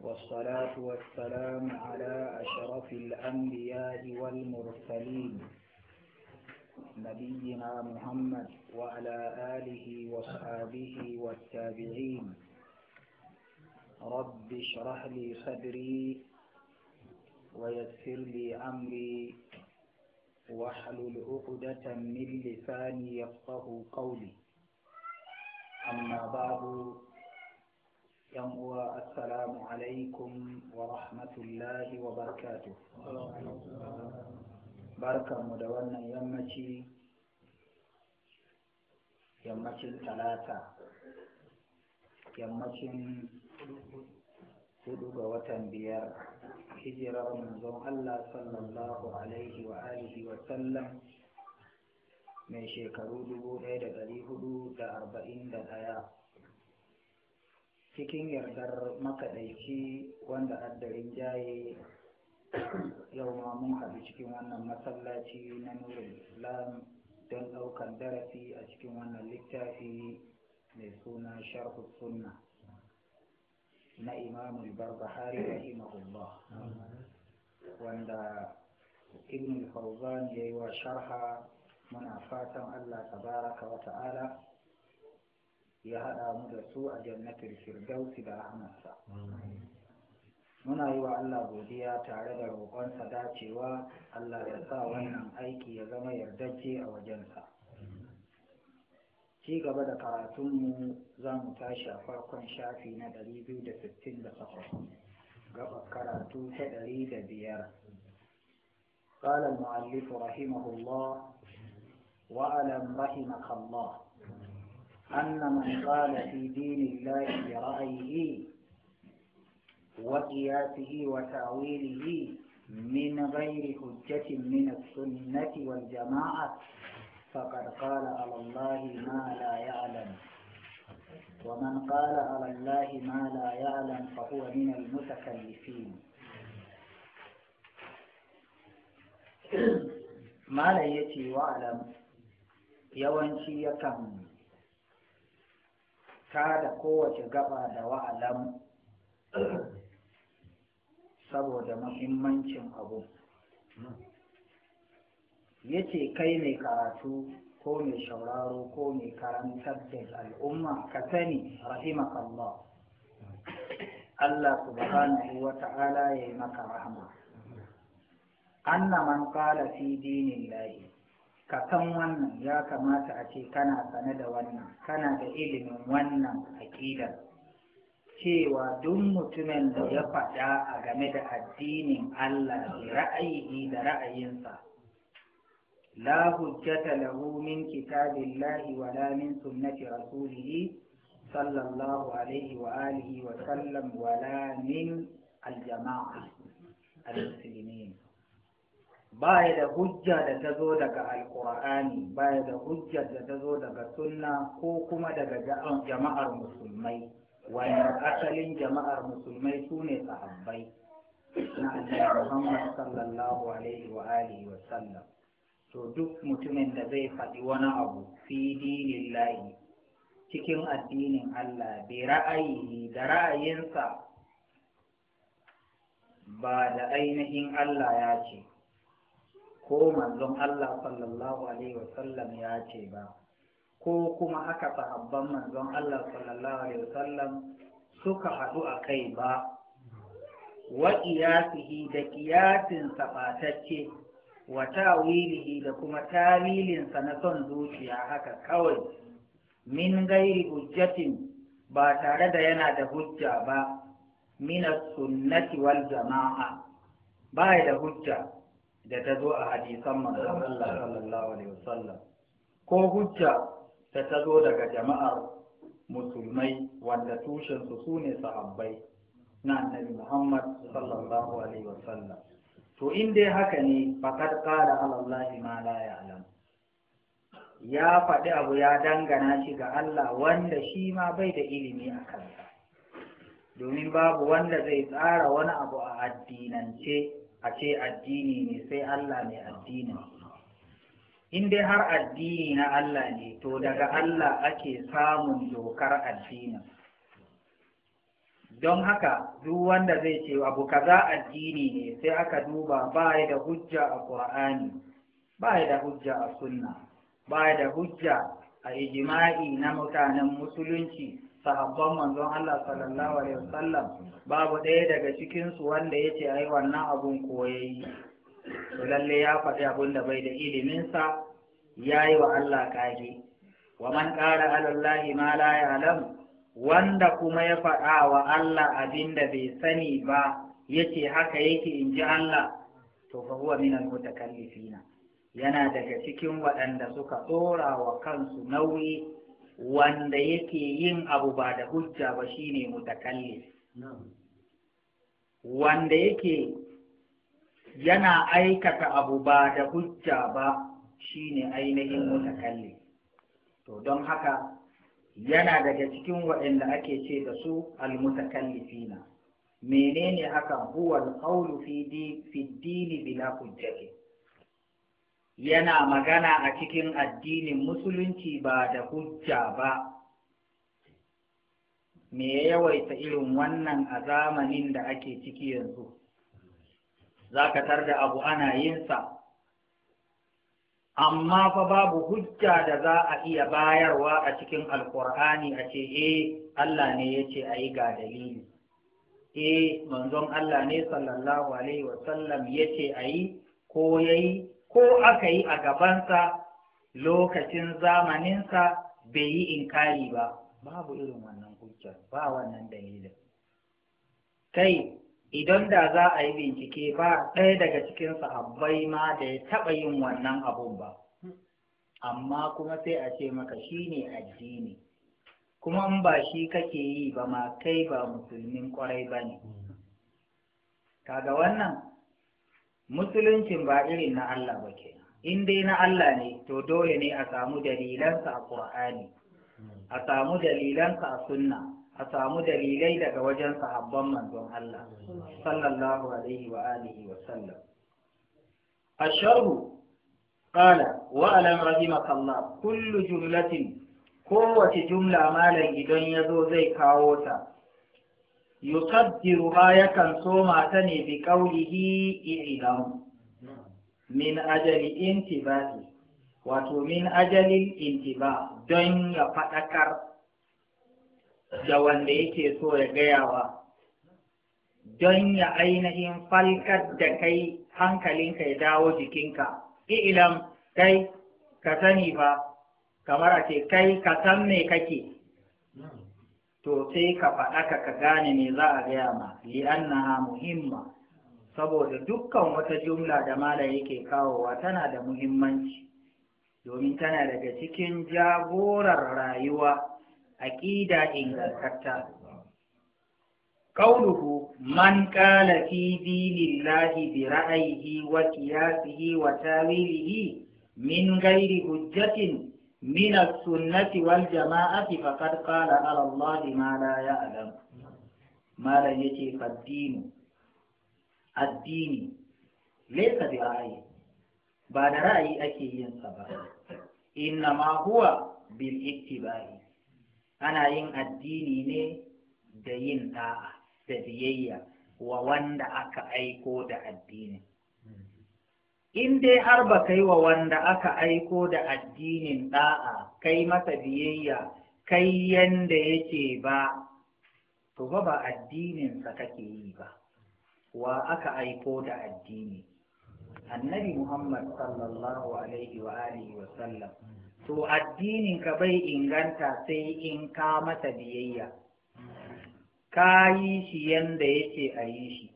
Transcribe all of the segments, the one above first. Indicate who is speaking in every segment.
Speaker 1: والصلاة والسلام على أشرف الأنبياء والمرسلين نبينا محمد وعلى آله وصحابه والتابعين رب اشرح لي صدري ويسر لي أمري واحلل عقدة من لساني يفقه قولي أما بعد yan uwa assalamu alaikum wa rahmatullahi wa barkatu barkanmu da wannan yammaci yammacin talata yammacin hudu ga watan biyar hijirar manzon Allah sallallahu alaihi wa alihi wa sallam mai shekaru dubu ɗaya da ɗari hudu da arba'in da ɗaya cikin yardar makadaici wanda addarin jaye yau ma mun haɗu cikin wannan masallaci na nurin islam don ɗaukar darasi a cikin wannan littafi mai suna sharhu sunna na imamul barbahari rahimahullah wanda ibn fauzan ya yi wa sharha muna fatan allah tabaraka wa ta'ala ya haɗa mu da su a jannatin firdausi da rahmarsa muna yi wa Allah godiya tare da sa dacewa Allah ya sa wannan aiki ya zama yardacce a wajensa ci gaba da karatunmu za mu tashi a farkon shafi na 268 gaba karatu ta 105 قال المؤلف رحمه الله وألم رحمك الله أن من قال في دين الله برأيه وقياسه وتأويله من غير حجة من السنة والجماعة فقد قال على الله ما لا يعلم ومن قال على الله ما لا يعلم فهو من المتكلفين ما لا يتي واعلم يوانشي yakan Ta da kowace gaba da wa'alam saboda muhimmancin abu ya ce kai mai karatu ko mai shauraro ko mai karantar da al'umma ka sani rahimakallah Allah subhanahu wa ta'ala ya yi maka rahama annaman qala fi dinillahi ka san wannan ya kamata a ce kana sane da wannan kana da ilimin wannan aƙidar cewa duk mutumin da ya faɗa a game da addinin Allah da ra'ayi da ra'ayinsa la hujjata lahu min kitabillahi wa la min sunnati rasulihi sallallahu alaihi wa alihi wa sallam wa min aljama'a al-muslimin baya da hujja da ta zo daga alkur'ani baya da hujja da ta zo daga sunna ko kuma daga jama'ar musulmai wani asalin jama'ar musulmai su ne sahabbai na annabi Muhammad sallallahu alaihi wa alihi wa sallam to duk mutumin da zai faɗi wani abu fi lahi cikin addinin Allah bi ra'ayi da ra'ayinsa ba da ainihin Allah ya ce ko manzon Allah sallallahu alaihi wasallam ya ce ba ko kuma aka sahabban manzon Allah sallallahu alaihi wasallam suka haɗu a kai ba wa qiyasihi da qiyasin sabatacce wa tawilihi da kuma tawilinsa na son zuciya haka kawai min gairi hujjatin ba tare da yana da hujja ba min sunnati wal jama'a ba da hujja da ta zo a hadisan manzon Allah sallallahu alaihi wasallam ko hujja da ta zo daga jama'ar musulmai wanda tushensu su ne sahabbai na annabi Muhammad sallallahu alaihi wasallam to in dai haka ne faqad qala Allah ma la ya'lam ya faɗi abu ya dangana shi ga Allah wanda shi ma bai da ilimi a kansa domin babu wanda zai tsara wani abu a addinance Ace addini ne sai Allah ne addini in dai har addini na Allah ne to daga Allah ake samun dokar addini don haka duk wanda zai ce abu kaza addini ne sai aka duba ba da hujja a ƙur'ani ba da hujja a sunna ba da hujja a ijima'i na mutanen musulunci sahabban manzon Allah sallallahu alaihi wasallam babu ɗaya daga cikinsu wanda ya ce ai wannan abun koyayi to lalle ya faɗi abun da bai da iliminsa ya yi wa Allah kage wa man ƙara alallahi ma la ya'lam wanda kuma ya faɗa wa Allah abin da bai sani ba yace haka yake in ji Allah to fa huwa minal mutakallifina yana daga cikin waɗanda suka ɗora wa kansu nauyi wanda yake yin abu ba da hujja ba shine mutakallim wanda yake yana aikata abu ba da hujja ba shine ainihin eh. mutakalli, to don haka yana daga cikin waɗanda ake ce da su almutakallifina menene hakan huwa alqawlu fi dini bila hujjati yana magana a cikin addinin musulunci ba da hujja ba me ya yawaita irin wannan a zamanin da ake ciki yanzu za ka tar da abu ana yinsa amma fa babu hujja da za a iya bayarwa a cikin alkur'ani a ce eh Allah ne ya ce a yi ga dalili eh manzon Allah ne sallallahu alaihi wasallam ya ce a ko ya yi ko aka yi a gabansa lokacin zamaninsa bai yi inkari ba babu irin wannan hujjar ba wannan dalilin kai idan da za a yi bincike ba ɗaya daga cikin sahabbai ma da ya taɓa yin wannan abun ba amma kuma sai a ce maka shi ne addini kuma in ba shi kake yi ba ma kai ba musulmin kwarai ba ne kaga wannan musuluncin ba irin na Allah ba ke in dai na Allah ne to dole ne a samu dalilansa a Qur'ani a samu dalilansa a sunna a samu dalilai daga wajen sahabban manzon Allah sallallahu alaihi wa alihi wa sallam asharhu qala wa alam Allah kullu jumlatin kowace jumla malam idan ya zo zai kawo ta yukaddiruha yakan soma ta ne bi qaulihi i'lam min ajali intibahi wato min ajalin intiba don ya faɗakar da wanda yake so ya gayawa don ya ainihin falkar da kai hankalinka ya dawo jikinka ilam kai ka sani ba kamar a ce kai ka san me kake to sai ka faɗaka ka gane me za a gaya ma annaha muhimma saboda dukkan wata jumla da mala yake kawowa tana da muhimmanci domin tana daga cikin jagorar rayuwa aƙida ingantatta قوله fi dinillahi bi ra'ayhi wa qiyasihi wa Tawilihi? Min ghairi hujjatin من السنة والجماعة فقد قال على الله ما لا يعلم ما لا يجي فالدين الدين ليس برأي بعد رأي أكي ينصب إنما هو بالاتباع أنا إن الدين ني دين yin da'a da أكأيكو wa الدين in dai har ba kai wa wanda aka aiko da addinin ɗa'a kai masa biyayya kai yanda yake ba to ba ba addininsa kake yi ba wa aka aiko da addini annabi muhammad sallallahu alaihi wa alihi wa sallam to addinin ka bai inganta sai in ka masa biyayya ka yi shi yanda yake a yi shi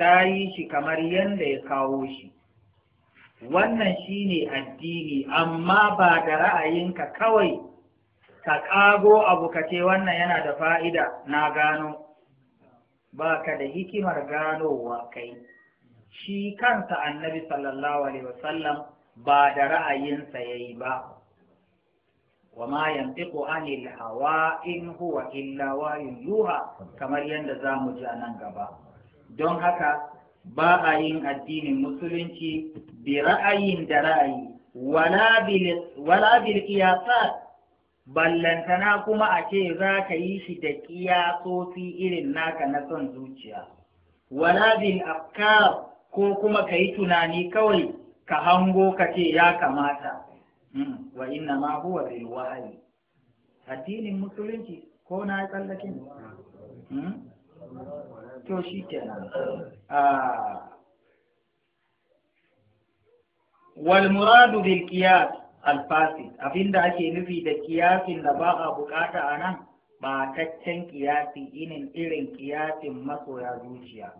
Speaker 1: ka yi shi kamar yanda ya kawo shi wannan shine addini amma ba da ra'ayinka kawai ka ƙago abu ka ce wannan yana da fa'ida na gano ba ka da hikimar ganowa kai shi kansa annabi sallallahu alaihi wasallam ba da ra'ayinsa ya yi ba wa ma yantiqu anil hawa in huwa illa wahyun yuha kamar yadda za mu ji a nan gaba don haka ba a yin addinin musulunci bi ra'ayin da ra'ayi wala bil qiyasat ballantana kuma a ce za ka yi shi da kiyasofi irin naka na son zuciya wala bil afkar ko kuma ka yi tunani kawai ka hango ka ce ya kamata hmm, wa inna ma huwa bil wahyi addinin musulunci ko na tsallakin to shi kenan ah. wal muradu bil abinda ake nufi da kiyasin da ba a bukata a nan ba kaccen kiyasi inin irin kiyasin masoya zuciya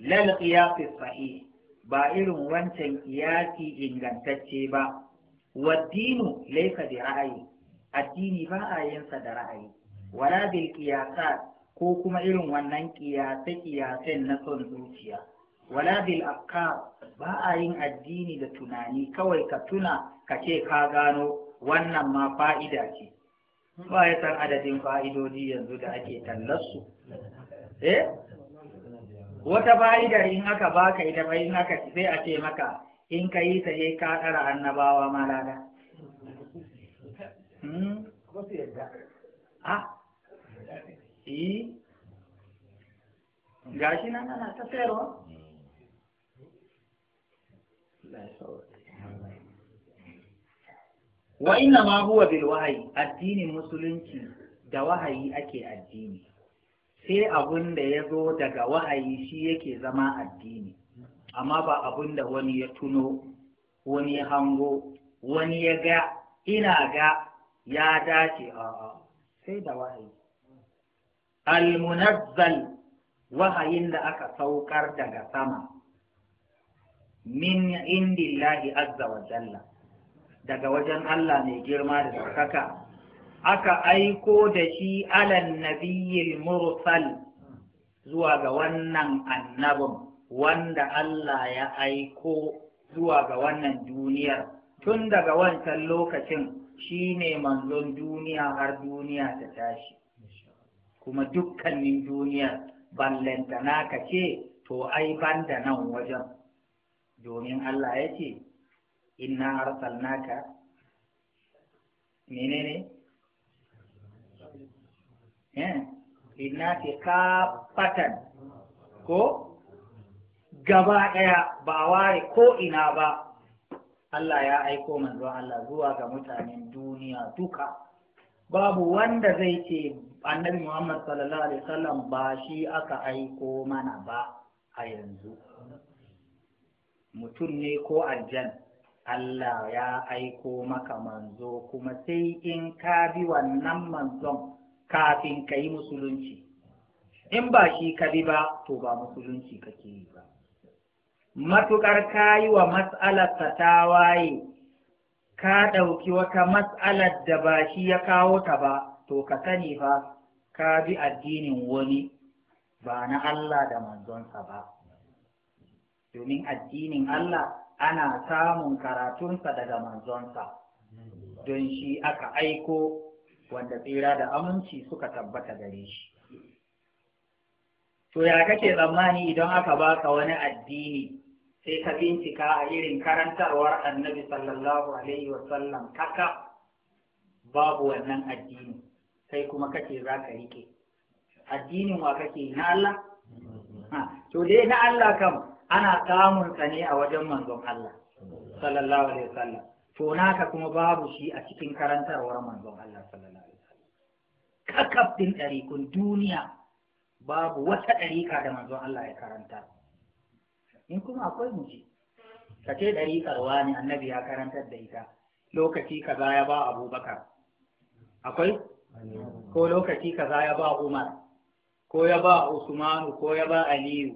Speaker 1: lal qiyasi sahih ba irin wancan kiyasi ingantacce ba waddinu laysa bi ra'ayi addini ba a yin da ra'ayi wala bil ko kuma irin wannan kiyase-kiyasen na son zuciya wala bil afka. ba a yin addini da tunani kawai ka tuna ka ce ka gano wannan ma fa'ida ce ba ya san adadin fa'idodi yanzu da ake tallarsu eh wata fa'idar in aka baka ita bai in aka sai a ce maka in ka yi ta ka ɗara annabawa malada. Hmm? Ah, Eh? ga shi nan ana ta sayarwa wa inna ma huwa bil wahayi addinin musulunci da wahayi ake addini sai abun da ya zo daga wahayi shi yake zama addini amma ba abun da wani ya tuno wani ya hango wani ya ga ina ga ya dace a sai da wahayi al-munazzal wahayin da aka saukar daga sama min indillahi azza wa jalla daga wajen Allah mai girma da ɗaukaka aka aiko da shi alan nabiyyil mursal zuwa ga wannan annabin wanda Allah ya aiko zuwa ga wannan duniyar tun daga wancan lokacin shine manzon duniya har duniya ta tashi kuma dukkanin duniya ban lantana ka ce to ai ban da nan wajen domin Allah ya ce inna arsalnaka menene eh inna ke kafatan ko gaba ɗaya ba ware ko ina ba Allah ya aiko manzon Allah zuwa ga mutanen duniya duka babu wanda zai ce annabi Muhammad sallallahu alaihi wasallam ba shi aka aiko mana ba a yanzu mutum ne ko aljan Allah ya aiko maka manzo kuma sai in ka bi wannan manzon kafin ka yi musulunci in ba shi ka bi ba to ba musulunci kake yi ba matuƙar ka yi wa mas'alar ta waye ka ɗauki wata mas'alar da ba shi ya kawo ta ba to ka sani fa ka bi addinin wani ba na Allah da manzonsa ba domin addinin Allah ana samun karatunsa daga manzonsa don shi aka aiko wanda tsira da aminci suka tabbata gare shi to ya kake tsammani idan aka baka wani addini sai ka bincika a irin karantarwar annabi sallallahu alaihi wasallam kaka babu wannan addini sai kuma kace za ka rike addinin wa kake na Allah to dai na Allah kam ana samun sa ne a wajen manzon Allah sallallahu alaihi wasallam to naka kuma babu shi a cikin karantarwar manzon Allah sallallahu alaihi wasallam kakaf din ɗarikun duniya babu wata ɗarika da manzon Allah ya karanta in kuma akwai muji ka ce ɗarikar wani annabi ya karantar da ita lokaci kaza ya ba abubakar akwai ko lokaci kaza ya ba Umar ko ya ba Usmanu ko ya ba Aliyu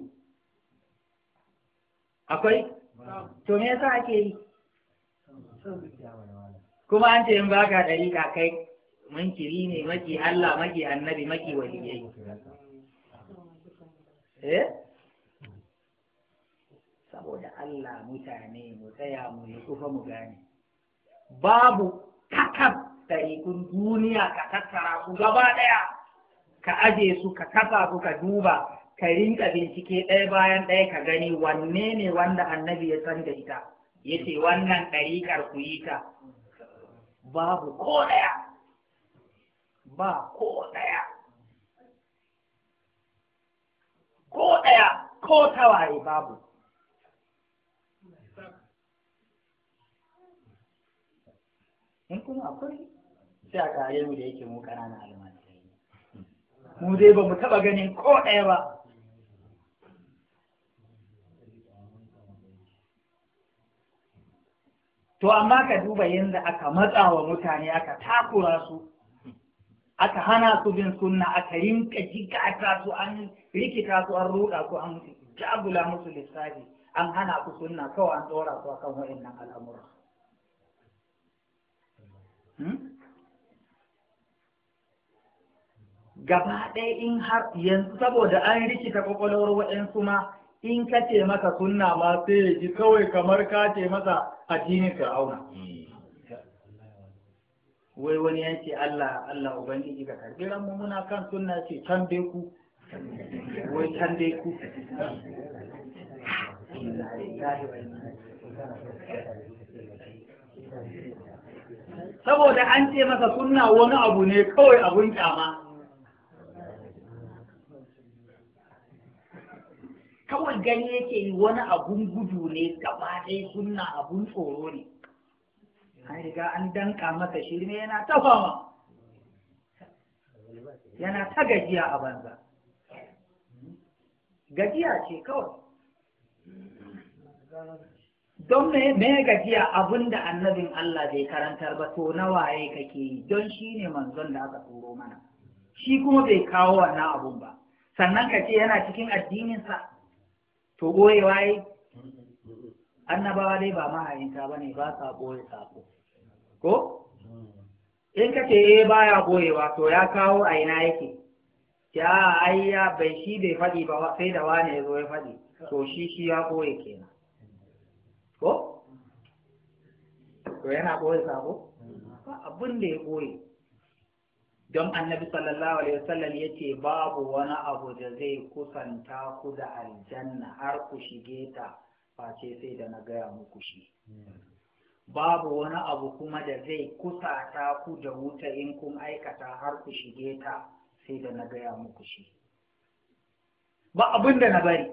Speaker 1: akwai to me yasa ake yi kuma an ce in baka dariƙa kai munkiri ne maki Allah maki annabi maki waliyai eh saboda Allah mutane mu tsaya mu yi kufa mu gane babu kakab ɗariƙun duniya ka tattara su gaba ɗaya ka aje su ka kasa su ka duba ka rinka bincike ɗaya bayan ɗaya ka gani wanne ne wanda annabi ya san da ita ya ce wannan ɗariƙar ku yi ta babu ko ɗaya ba ko ɗaya ko ɗaya ko tawaye babu in kuma akwai sai a kare mu da yake mu ƙananan almajirai mu dai ba mu taɓa ganin ko ɗaya ba to amma ka duba yadda aka matsa wa mutane aka takura su aka hana su bin sunna aka rinka a su an rikita su an ruɗa su an jagula musu lissafi an hana su sunna kawai an tsora su akan waɗannan al'amura. Hmm? gaba ɗaya in har yanzu saboda an rikita kwakwalwar waɗansu ma in ka ce maka sunna ma sai ya ji kawai kamar ka ce masa addinin fir'auna wai wani ce Allah Allah ubangiji ka karbi ran mu muna kan sunna ce can be ku wai can be ku
Speaker 2: saboda an ce masa sunna wani abu
Speaker 1: ne kawai abun kyama kawai gani yake yi wani abun gudu ne gaba ɗaya sunna abun tsoro ne an riga an danka masa shirme yana ta fama yana ta gajiya a banza gajiya ce kawai don me me gajiya da annabin Allah bai karantar ba to na waye kake yi don shi ne manzon da aka turo mana shi kuma bai kawo wannan abun ba sannan ka ce yana cikin addininsa to ɓoyewa yi annabawa dai ba ma'ayinta ba ne ba sa ɓoye sako ko in ka ce eh baya ba to ya kawo a ina yake ya ai ya bai shi bai faɗi ba sai da wane ya zo ya faɗi to shi shi ya ɓoye kenan ko to yana ɓoye sako ba abin da ya ɓoye don annabi sallallahu alaihi wasallam ya ce babu wani abu da zai kusanta ku da aljanna har ku shige ta face sai da na gaya muku shi babu wani abu kuma da zai kusata ku da wuta in kun aikata har ku shige ta sai da na gaya muku shi ba abin da na bari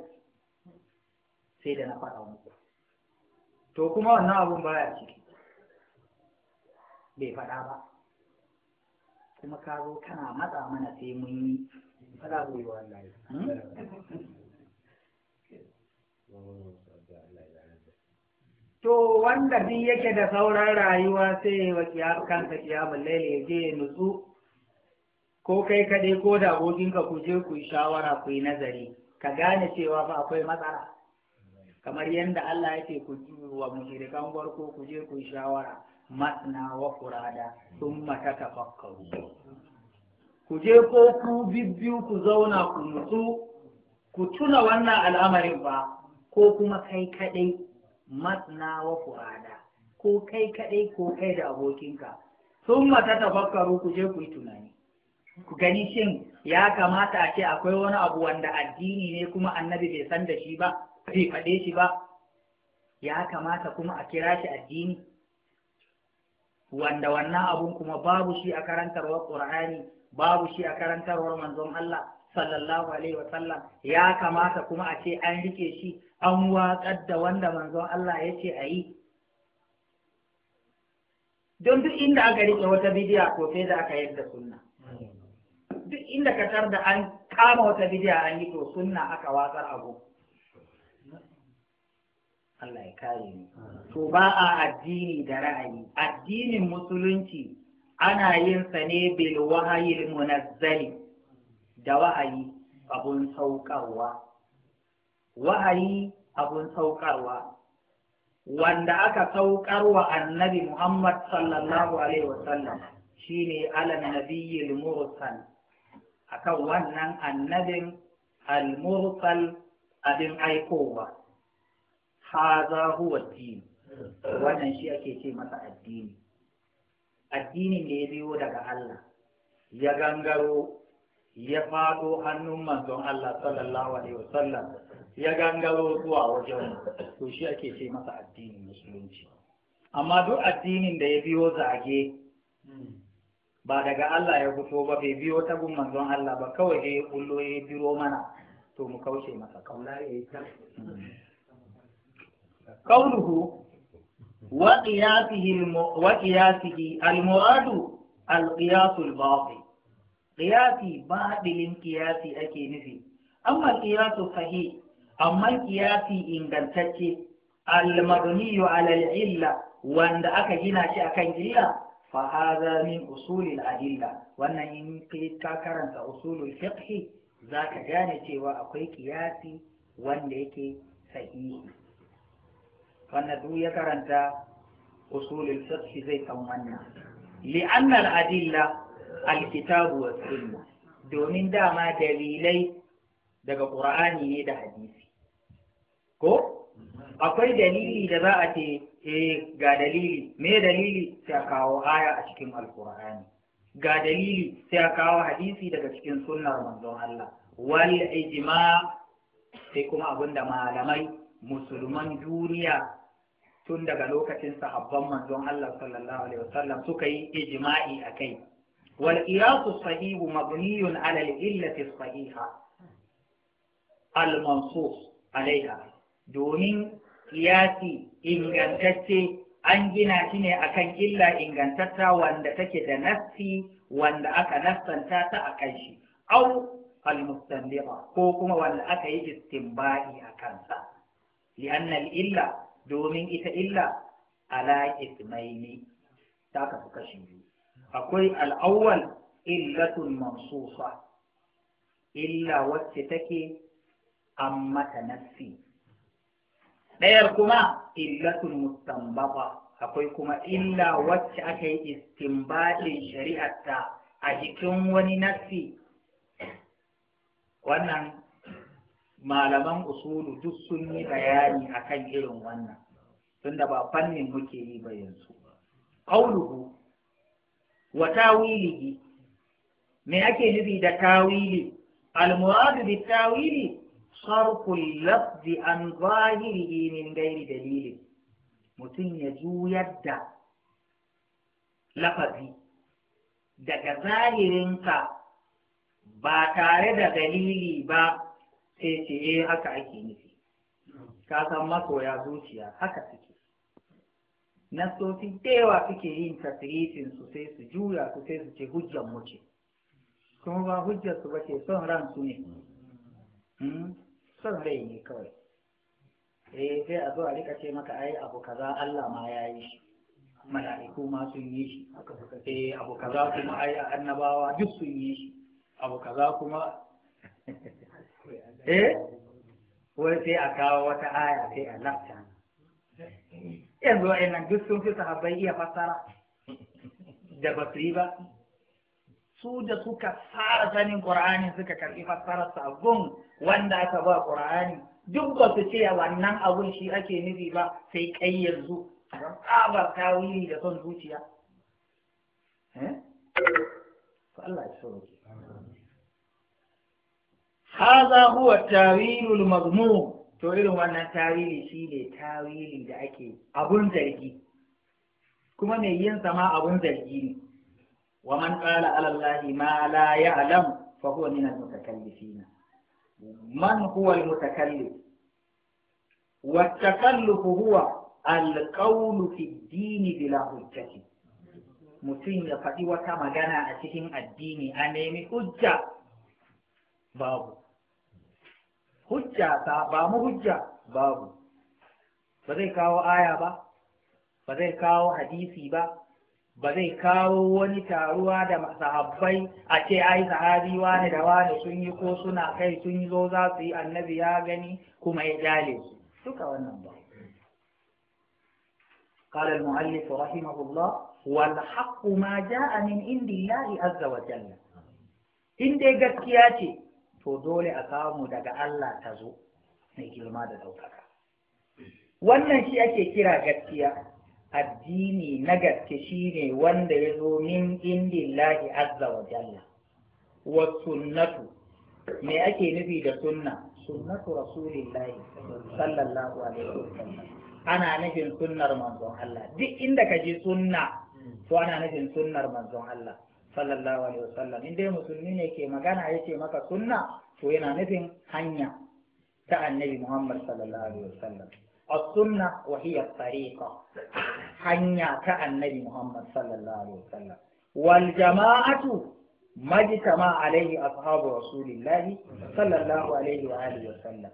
Speaker 1: sai da na faɗa muku to kuma wannan abun baya ciki bai faɗa ba kuma ka zo kana matsa mana sai mun yi hmm? to wanda duk yake da sauran rayuwa sai wa kansa kiyamun laili ya je ya nutsu ko kai kaɗai ko da abokinka ku je ku shawara ku yi nazari ka gane cewa fa akwai matsala kamar yadda Allah yake ku wa mushrikan gwarko ku je ku shawara matna wa furada mata tafakkaru ku je ko ku bibbiyu ku zauna ku nutsu ku tuna wannan al'amarin ba ko kuma kai kaɗai matna wa furada ko kai kadai ko kai da abokinka sun mata tafakkaru ku je ku yi tunani ku gani shin ya kamata a ce akwai wani abu wanda addini ne kuma annabi bai san da shi ba bai faɗe shi ba ya kamata kuma a kira shi addini wanda wannan abun kuma babu shi a karantarwar Qur'ani babu shi a karantarwar manzon Allah sallallahu alaihi wa sallam ya kamata kuma a ce an rike shi an watsar da wanda manzon Allah ya ce a yi don duk inda aka rike wata bidiya ko sai da aka yadda sunna duk inda ka tar da an kama wata bidiya an yi to sunna aka watsar abu Allah ya kare ni to ba a addini da ra'ayi addinin musulunci ana yin sa ne bil wahayil munazzali da wahayi abun saukarwa abun saukarwa wanda aka saukar annabi Muhammad sallallahu alaihi wasallam shine ala nabiyyil mursal akan wannan annabin al-mursal abin aikowa haza huwa din wannan shi ake ce masa addini addini ne ya biyo daga Allah ya gangaro ya faɗo hannun manzon Allah sallallahu alaihi wasallam ya gangaro zuwa wajen to shi ake ce masa addinin musulunci amma duk addinin da ya biyo zage ba daga Allah ya fito ba bai biyo ta gun manzon Allah ba kawai ya kullo ya biro mana to mu kaushe masa kaula ya yi قوله وقياسه وقياسه المراد القياس الباطل قياسي باطل قياسي أكي نفي أما القياس الصحيح أما القياس إن قلتك المبني على العلة وأن أكجنا شيء إلا فهذا من أصول الأدلة وأن إن كرنت أصول الفقه ذاك جانتي وأقوي قياسي وأن صحيح wanda duk ya karanta usulul fiqh zai san wannan li'anna al-adilla al-kitabu sunna domin dama dalilai daga qur'ani ne da hadisi ko akwai dalili da za a ce eh ga dalili me dalili sai kawo aya a cikin alqur'ani ga dalili sai kawo hadisi daga cikin sunnar manzon Allah wal ijma sai kuma abinda malamai musulman duniya tun daga lokacin sahabban manzon Allah sallallahu alaihi wasallam suka yi ijma'i kai, wal qiyasu sahihu mabniyun ala al illati sahiha al mansus alaiha domin qiyasi ingantacce an gina shi ne akan illa ingantatta wanda take da nassi wanda aka nassanta ta akan shi au al mustanbiha ko kuma wanda aka yi istinba'i akan sa li'anna al illa domin ita illa ala ismaili ta kafi kashi biyu akwai al'awwal illatun mansufa illa wacce take amma ta nassi ɗayar kuma illatun mustanbaba akwai kuma illa wacce aka yi istinbaɗin shari'arta a jikin wani nassi wannan malaman usulu duk sun yi bayani akan irin wannan tunda ba fannin muke yi ba yanzu qauluhu wa tawilihi me ake nufi da tawili al-murad bi tawili sarfu lafzi an zahirihi min gairi dalilin mutum ya juyar da lafazi daga zahirinka ba tare da dalili ba sai ce eh haka ake nufi ka san masoya zuciya haka suke Na da tewa suke yin tasirifin su sai su juya su sai su ce hujjan mu ce kuma ba hujjar su bace son ran su ne hmm? son rai ne kawai eh sai a zo a rika ce maka ai abu kaza Allah ma ya yi shi mala'iku ma sun yi shi eh abu kaza kuma ai annabawa duk sun yi shi abu kaza kuma eh wai sai a kawo wata aya sai a lafta yanzu wa'annan duk sun fi sahabbai iya fassara da ba su yi ba su da suka fara sanin qur'ani suka karɓi fassarar sabon wanda aka ba qur'ani duk ba su ce wannan abun shi ake nufi ba sai kai yanzu don tsabar tawili da son zuciya eh? Allah ya haza huwa tawilul mazmum to irin wannan tawili shine tawili da ake abun zargi kuma mai yin sama abun zargi ne wa man qala ala allahi ma la ya'lam fa huwa min al mutakallifin man huwa al mutakallif wa takalluf huwa al qawlu fi din bila hujjati mutum ya faɗi wata magana a cikin addini a nemi hujja babu hujja ta ba mu hujja babu ba zai kawo aya ba ba zai kawo hadisi ba ba zai kawo wani taruwa da sahabbai a ce ai sahabi wani da wani sun yi ko suna kai sun yi zo za su yi annabi ya gani kuma ya jale su duka wannan ba قال المؤلف رحمه الله والحق ما جاء من عند الله عز وجل in dai gaskiya ce to dole a samu daga Allah ta zo mai girma da ɗaukaka wannan shi ake kira gaskiya addini na gaske shi ne wanda ya zo min indillahi azza wa jalla wa sunnatu me ake nufi da sunna sunnatu rasulillahi sallallahu alaihi wasallam ana nufin sunnar manzon Allah duk inda ka ji sunna to ana nufin sunnar manzon Allah sallallahu alaihi wasallam in dai musulmi ne ke magana yace maka sunna to yana nufin hanya ta annabi Muhammad sallallahu alaihi wasallam as-sunna wa hiya tariqa hanya ta annabi Muhammad sallallahu alaihi wasallam wal jama'atu majtama alaihi ashabu rasulillah sallallahu alaihi wa alihi wasallam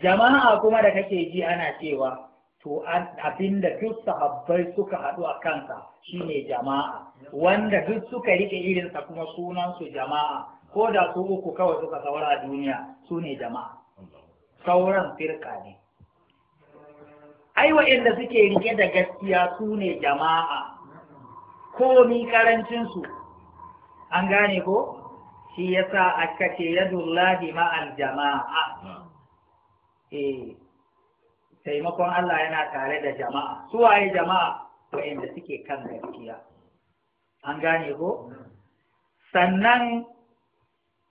Speaker 1: jama'a kuma da kake ji ana cewa to abinda duk sahabbai suka haɗu a kansa shine jama'a wanda duk suka rike irinsa kuma sunansu jama'a ko da su uku kawai suka saura a duniya su ne jama'a sauran firka ne ai waɗanda suke riƙe da gaskiya su ne jama'a komi karancinsu an gane ko shi yasa aka ce yadullahi ma'al jama'a taimakon Allah yana tare da jama'a su waye jama'a wa'inda suke kan gaskiya an gane ko sannan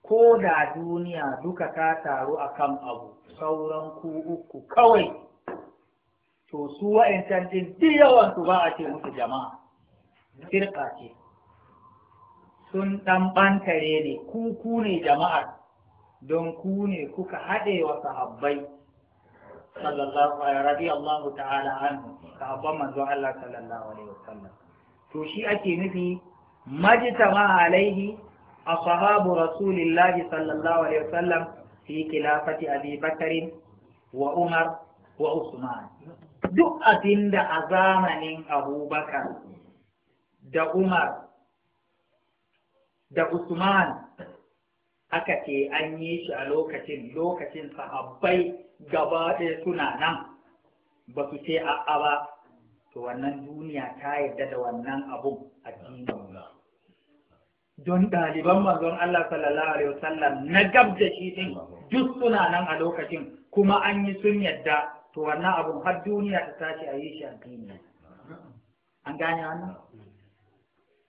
Speaker 1: ko da duniya duka ta taru akan abu sauran ku uku kawai to su wa'incan din duk yawan su ba a ce musu jama'a firka ce sun ɗan bantare ne ku ku ne jama'ar don ku ne kuka haɗe wa sahabbai sallallahu radiyallahu ta'ala anhu manzo Allah sallallahu alaihi wasallam to shi ake nufi majtama alaihi ashabu rasulillahi sallallahu alaihi wasallam fi khilafati abi bakarin wa umar wa usman duk abinda a zamanin abubakar da umar da usman aka ce an yi shi a lokacin lokacin sahabbai gaba ɗaya suna nan ba su ce a'a ba to wannan duniya ta yarda da wannan abun a don ɗaliban manzon Allah sallallahu alaihi wasallam na gab da shi ɗin duk suna nan a lokacin kuma an yi sun yadda to wannan abun har duniya ta tashi a yi shi a addini an gane wannan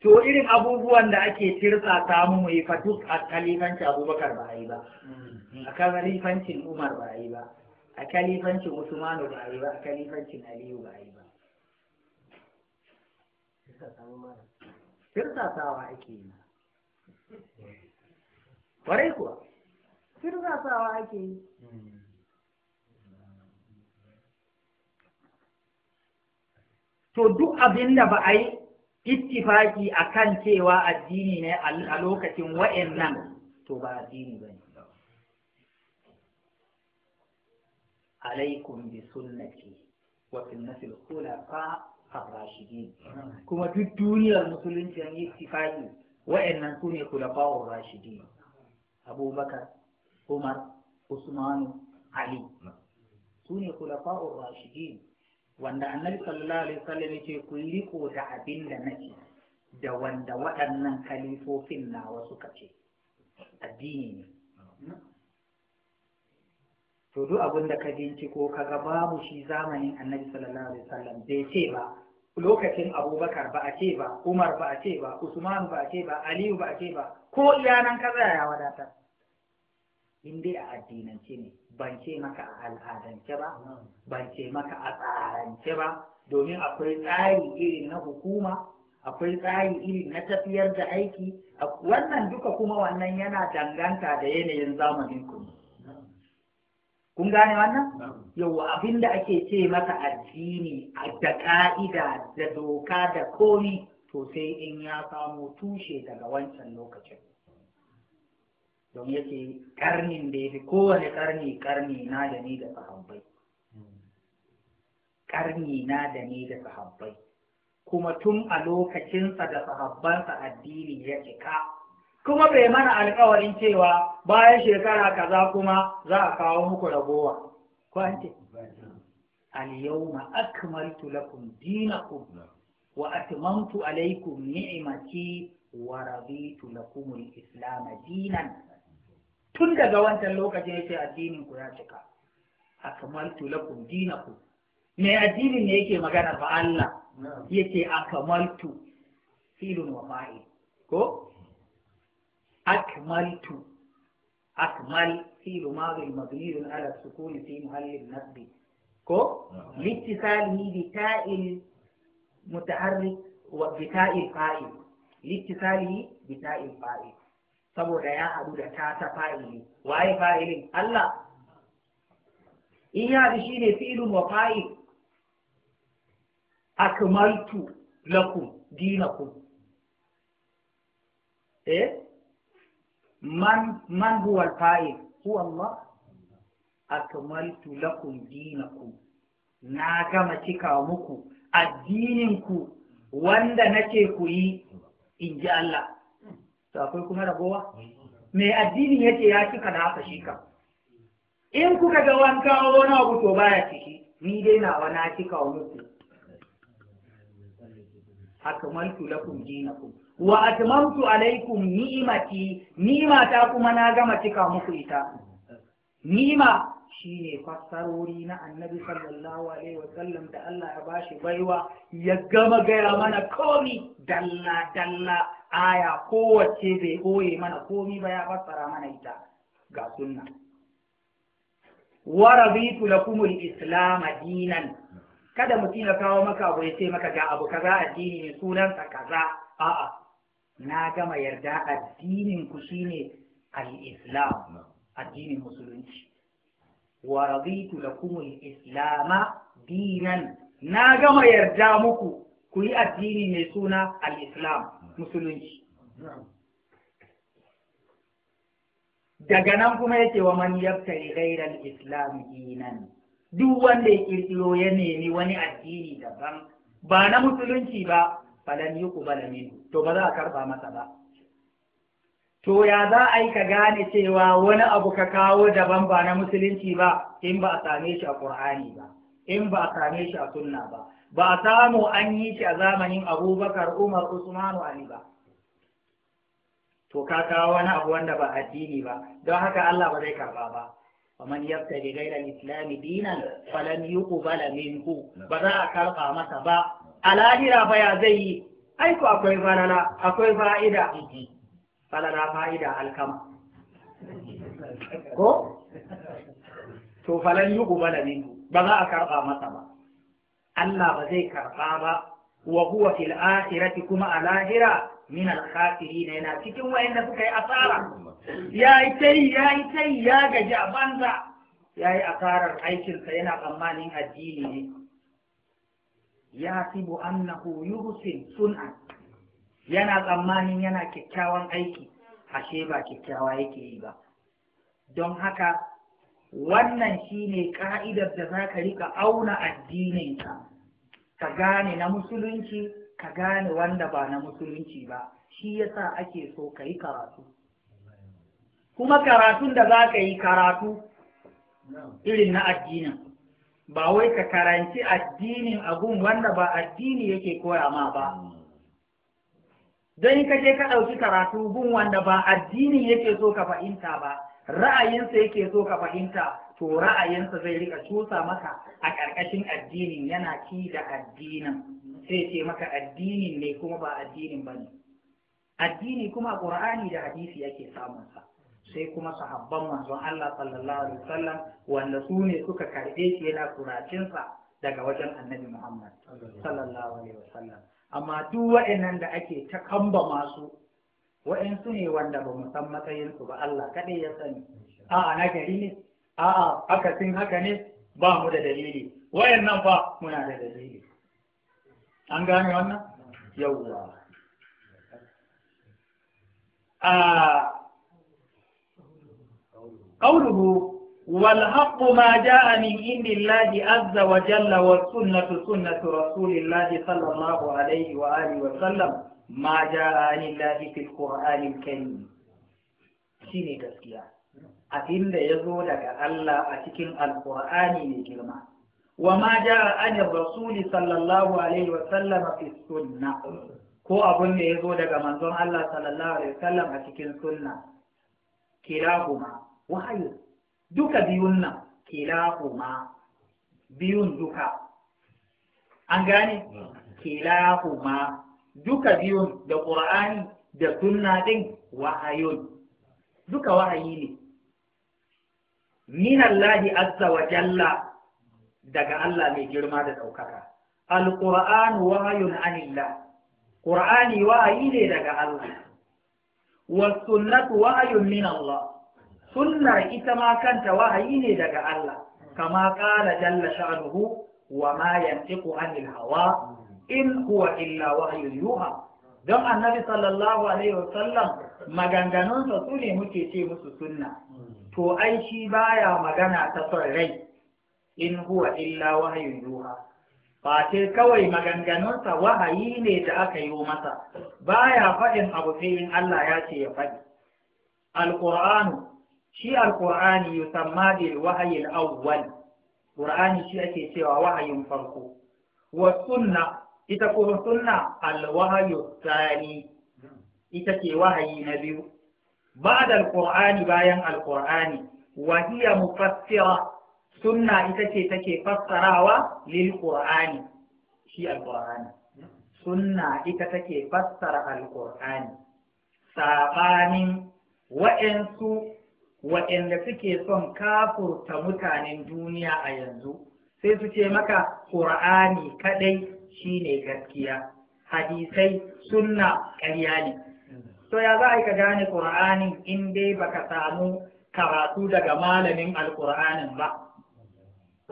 Speaker 1: to irin abubuwan da ake tirsa samu mu yi fa duk a kalifanci Abubakar ba yi ba a kan Umar ba yi ba a kalifancin usmanu ba a yi ba a kalifancin aliyu ba a yi ba ake yi kwarai kuwa sirsasawa ake yi to duk abin da ba a yi ittifaki a kan cewa addini ne a lokacin wa'in nan to ba addini ba ne alaikum bi sunnati wa sunnati al-khulafa ar-rashidin kuma duk duniyar musulunci an yi ittifaqi wa'annan sune khulafa ar-rashidin Abubakar Umar Usman Ali sune khulafa ar-rashidin wanda annabi sallallahu alaihi wasallam yace kulli ko da abin da nake da wanda waɗannan kalifofin na suka ce addini ne to duk abin da ka binciko ga babu shi zamanin annabi sallallahu alaihi wasallam bai ce ba lokacin abubakar ba a ce ba umar ba a ce ba usman ba a ce ba aliyu ba a ce ba ko iyanan ka tsaya ya wadatar in dai a addinance ne ban ce maka a al'adance ba ban ce maka a tsarance ba domin akwai tsari irin na hukuma akwai tsari irin na tafiyar da aiki wannan duka kuma wannan yana danganta da yanayin zamanin ku ne kun gane wannan yawa abin da ake ce masa addini da ka'ida da doka da komi to sai in ya samo tushe daga wancan lokacin don yake karnin da ya fi kowane karni karni na da ni da sahabbai karni na da ni da sahabbai kuma tun a lokacinsa da sahabbansa addini ya cika kuma bai mana alƙawarin cewa bayan shekara kaza kuma za a kawo muku ragowa ko an ce al-yawma akmaltu lakum dinakum wa atmamtu alaykum ni'mati wa raditu lakum al-islam dinan tun daga wancan lokacin yace addinin ku ya cika akmaltu lakum dinakum me addinin ne yake magana ba Allah yace akmaltu filun wa fa'il ko أكملت أكمل في ماضي مبني على السكون في محل النصب كو لاتصاله بتاء المتحرك وبتاء الفاعل لاتصاله بتاء الفاعل saboda ya haɗu da ta ta fa'ili waye fa'ilin Allah in ya haɗu shine fi'ilun wa fa'il akmaltu من من هو الفائز؟ هو الله Allah لكم دينكم na gama cika muku addininku wanda nake ku yi in ji Allah to akwai kuma mai addini yace ya cika na haka shi ka in kuka ga wanka wani abu to baya ciki ni dai nawa na cika wa muku akmaltu lakum dinakum wa atmamtu alaikum ni'imati ni'ima ta kuma na gama cika muku ita ni'ima shine fassarori na annabi sallallahu alaihi wa sallam da Allah ya bashi baiwa ya gama gaya mana komi dalla dalla aya kowace bai koye mana komi ba ya fassara mana ita ga sunna wa rabitu lakumul islam dinan kada mutum ya kawo maka abu ya ce maka ga abu kaza addini ne sunansa kaza a'a na gama yarda addinin ku shine al-islam addinin musulunci wa raditu lakum al-islam dinan na gama yarda muku ku yi addini mai suna al-islam musulunci daga nan kuma yake wa man ghayra al islam dinan duk wanda ya kirkiro ya nemi wani addini daban ba na musulunci ba falan yuqbala min to ba za a karba masa ba to ya za a yi ka gane cewa wani abu ka kawo daban ba na musulunci ba in ba a same shi a qur'ani ba in ba a same shi a sunna ba ba a samu an yi shi a zamanin abubakar umar usmanu ali ba to ka kawo wani abu wanda ba addini ba don haka allah ba zai karba ba ومن يبتغي غير الإسلام دينا فلن يقبل منه بذا كرقى مسبا a lahira fa ya zai yi aiko akwai falala akwai fa'ida falala fa'ida alkam ko to falan yi na minhu ba za a karɓa masa ba Allah ba zai karɓa ba wa huwa fil akhirati kuma a lahira min al khasirin yana cikin wayanda suka yi asara yayi tai yi tai ya gaji a banza Ya yi asarar aikinsa yana tsammanin addini ne ya sibu annahu yuhsin sun'a yana tsammanin yana kyakkyawan aiki ashe ba kyakkyawa yake yi ba don haka wannan shine ka'idar da za ka rika auna addininka ka gane na musulunci ka gane wanda ba na musulunci ba shi yasa ake so ka yi karatu kuma karatun da za ka yi karatu irin na addinin ba wai ka karanci addinin abun wanda ba addini yake koya ma ba don ka je ka ɗauki karatu gun wanda ba addinin yake so ka fahimta ba ra'ayinsa yake so ka fahimta to ra'ayinsa zai rika cusa maka a ƙarƙashin addinin yana ci da addinin sai ce maka addinin ne kuma ba addinin ba ne addini kuma ƙur'ani da hadisi yake samunsa sai kuma sahabban manzon Allah sallallahu alaihi wasallam wanda su ne suka karɓe shi yana kuracinsa daga wajen annabi Muhammad sallallahu alaihi wasallam amma duk waɗannan da ake ta kamba masu waɗansu ne wanda ba mu san matsayinsu ba Allah kaɗai ya sani a'a na gari ne a'a sin haka ne ba mu da dalili wayannan fa muna da dalili an gane wannan yawwa a ah, قوله والحق ما جاء من عند الله عز وجل والسنة سنة رسول الله صلى الله عليه وآله وسلم ما جاء عن الله في القرآن الكريم شيني تسكيا أتين يزول الله أتكين القرآن لكلمة وما جاء عن الرسول صلى الله عليه وسلم في السنة ko abin da ya zo daga manzon Allah sallallahu alaihi wasallam a cikin sunna kira kuma wahayi duka biyun nan kilahuma biyun duka an gane kilahuma duka biyun da qur'ani da sunna din wahayun duka wahayi ne min Allahi azza wa jalla daga Allah mai girma da ɗaukaka alqur'anu wahayun anillah qur'ani wahayi ne daga Allah Wa sunnatu wahayun min Allah sunnar ita ma kanta wahayi ne daga Allah kama ƙara jalla sha'anuhu wa ma yantiqu anil hawa in huwa illa wahyu yuha don annabi sallallahu alaihi wasallam maganganunsa su ne muke ce musu sunna to ai shi baya magana ta son rai in huwa illa wahyu yuha face kawai maganganunsa wahayi ne da aka yi masa baya faɗin abu sai in Allah ya ce ya faɗi alqur'anu shi alƙur'ani yusamma bil wahyi al-awwal qur'ani shi ake cewa wahayin farko wa sunna ita ko sunna al wahyu tsani ita ce wahayi na biyu ba'da alƙur'ani bayan alƙur'ani wa hiya mufassira sunna ita ce take fassarawa lil qur'ani shi alƙur'ani sunna ita take fassara alƙur'ani saɓanin wa'ensu waɗanda suke son kafurta mutanen duniya a yanzu sai su ce maka ƙur'ani kaɗai shine gaskiya hadisai sunna ƙarya ne to ya za a ka gane ƙur'ani in dai baka samu karatu daga malamin alƙur'anin ba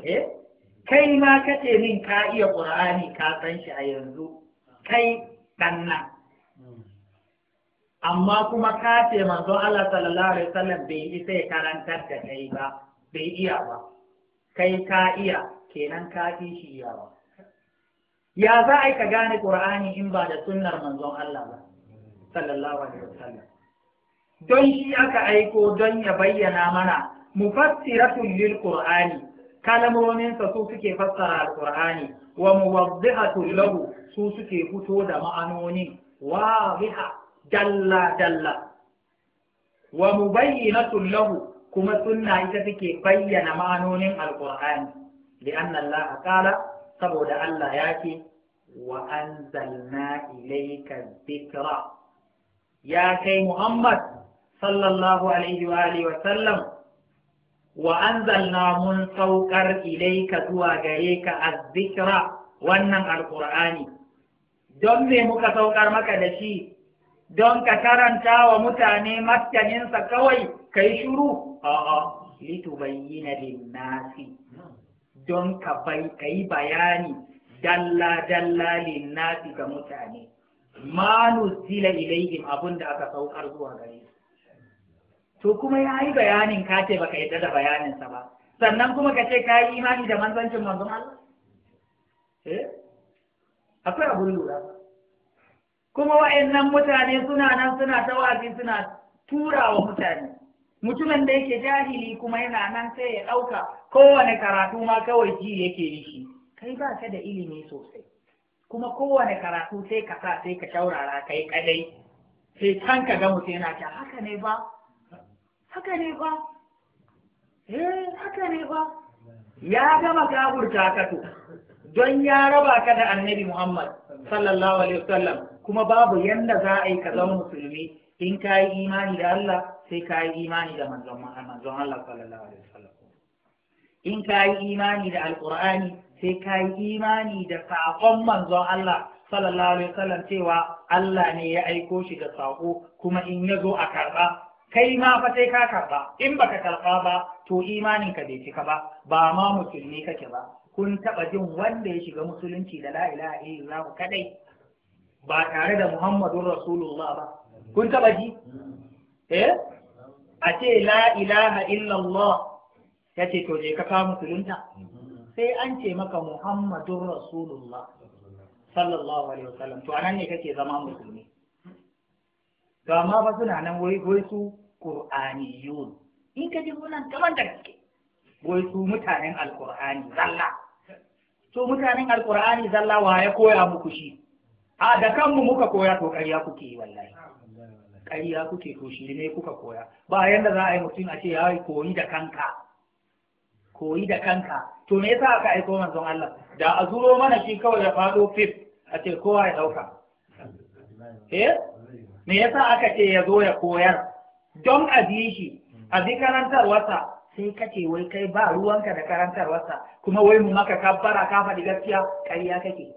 Speaker 1: eh kai ma kace min ka iya ƙur'ani ka san shi a yanzu kai ɗan nan amma kuma ka ce manzon Allah sallallahu alaihi wasallam bai yi sai karantar da kai ba bai iya ba kai ka iya kenan ka fi shi ba. ya za a ka gane Qur'ani in ba da sunnar manzon Allah ba sallallahu alaihi wasallam don shi aka aiko don ya bayyana mana mufassiratul lil Qur'ani sa su suke fassara qur'ani wa muwaddihatul lahu su suke fito da ma'anoni wa biha dalla dalla wa mubayyinatul lahu kuma sunna ita take bayyana ma'anonin alqur'ani li'anna Allah qala saboda Allah ce. wa anzalna ilayka dhikra ya kai Muhammad sallallahu alaihi wa alihi wa sallam wa anzalna mun saukar ilayka zuwa gare ka azzikra wannan alqur'ani don me muka saukar maka da shi don ka karanta wa mutane martaninsa kawai ka yi shuru a'a na linnasi don ka yi bayani dalla dalla linnasi ga mutane ma zila ilaihim abin da aka saukar zuwa gare su to kuma ya yi bayanin ka ce baka yadda da bayaninsa ba sannan kuma ka ce ka yi imani da manzancin manzon Allah eh akwai abin lura kuma wa'annan mutane suna nan suna tawafi, suna tura wa mutane mutumin da yake jahili kuma yana nan sai ya ɗauka kowane karatu ma kawai ji yake yi shi kai ba ka da ilimi sosai kuma kowane karatu sai ka sa sai ka shaurara kai kadai sai can ka ga mutum yana ta haka ne ba haka ne ba eh haka ne ba ya gama kaburta ka to don ya raba ka da annabi Muhammad sallallahu alaihi wasallam kuma babu yanda za a yi ka zama musulmi in ka yi imani da Allah sai ka yi imani da manzon Allah sallallahu alaihi wasallam in ka yi imani da alqur'ani sai ka yi imani da saƙon manzon Allah sallallahu alaihi wasallam cewa Allah ne ya aiko shi da saƙo kuma in ya zo a karɓa kai ma fa sai ka karɓa in baka karɓa ba to imanin ka bai cika ba ba ma musulmi kake ba kun taɓa jin wanda ya shiga musulunci da la ilaha illallah kadai ba tare da Muhammadun Rasulullah ba. Kun taba ji? Eh? A ce la ilaha illallah ya ce to je ka kawo musulunta. Sai an ce maka Muhammadun Rasulullah sallallahu alaihi wasallam to anan ne kake zama musulmi. To amma ba suna nan wai wai su Qur'aniyun. In ka ji sunan kaman da gaske. Wai su mutanen Al-Qur'ani zalla. To mutanen al Al-Qur'ani zalla wa ya koya muku shi? a da kanmu muka koya to ƙarya kuke yi wallahi ƙarya kuke to shi ne kuka koya ba yanda za a yi mutum a ce ya koyi da kanka koyi da kanka to me yasa aka aiko manzon Allah da a zuro mana shi kawai ya faɗo fif a ce kowa ya ɗauka eh me yasa aka ce ya zo ya koyar don a bi shi a bi karantarwarsa sai ka wai kai ba ruwanka da karantarwarsa kuma wai mu maka kabbara ka faɗi gaskiya ƙarya kake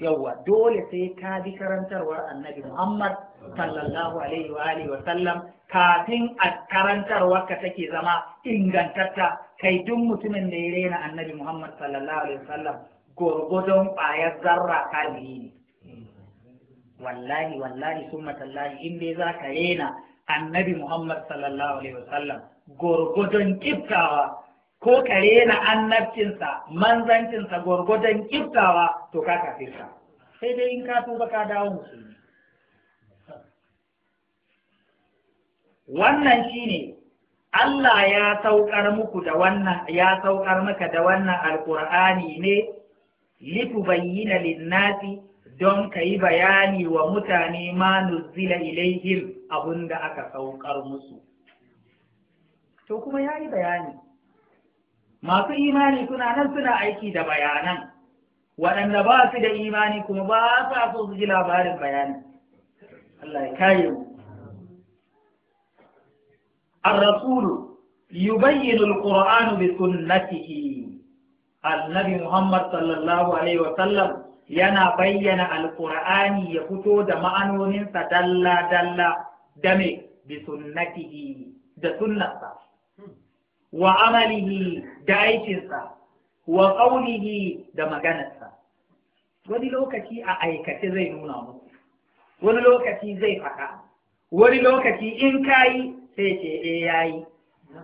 Speaker 1: yawwa dole sai ka bi karantarwar annabi Muhammad sallallahu alaihi wa alihi wa sallam kafin a karantarwar ka take zama ingantatta kai duk mutumin da ya rena annabi Muhammad sallallahu alaihi wa sallam gurgudun ƙwayar zarra kalihi ne wallahi wallahi summa tallahi in dai za ka rena annabi Muhammad sallallahu alaihi wa sallam gurgudun kiftawa ko ka rena annabcinsa manzancinsa gwargwadon kiftawa to ka ka, sai dai in ka tuba ka dawo musulmi wannan shine Allah ya sauƙar muku da wannan ya saukar maka da wannan alƙur'ani ne litu lin linnati don ka yi bayani wa mutane ma nuzzila ilaihim abinda aka sauƙar musu to kuma ya yi bayani masu imani suna nan suna aiki da bayanan waɗanda ba su da imani kuma ba sa so su ji labarin bayanin Allah ya kare mu الرسول يبين القرآن بسنته النبي محمد صلى الله عليه وسلم yana bayyana alƙur'ani ya fito da ma'anoninsa dalla-dalla dame bi sunnatihi da sunnarsa wa amalihi da aikinsa wa ƙaunihi da maganarsa wani lokaci a aikace zai nuna musu. wani lokaci zai faɗa wani lokaci in kayi sai ce e yi'